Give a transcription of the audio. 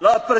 La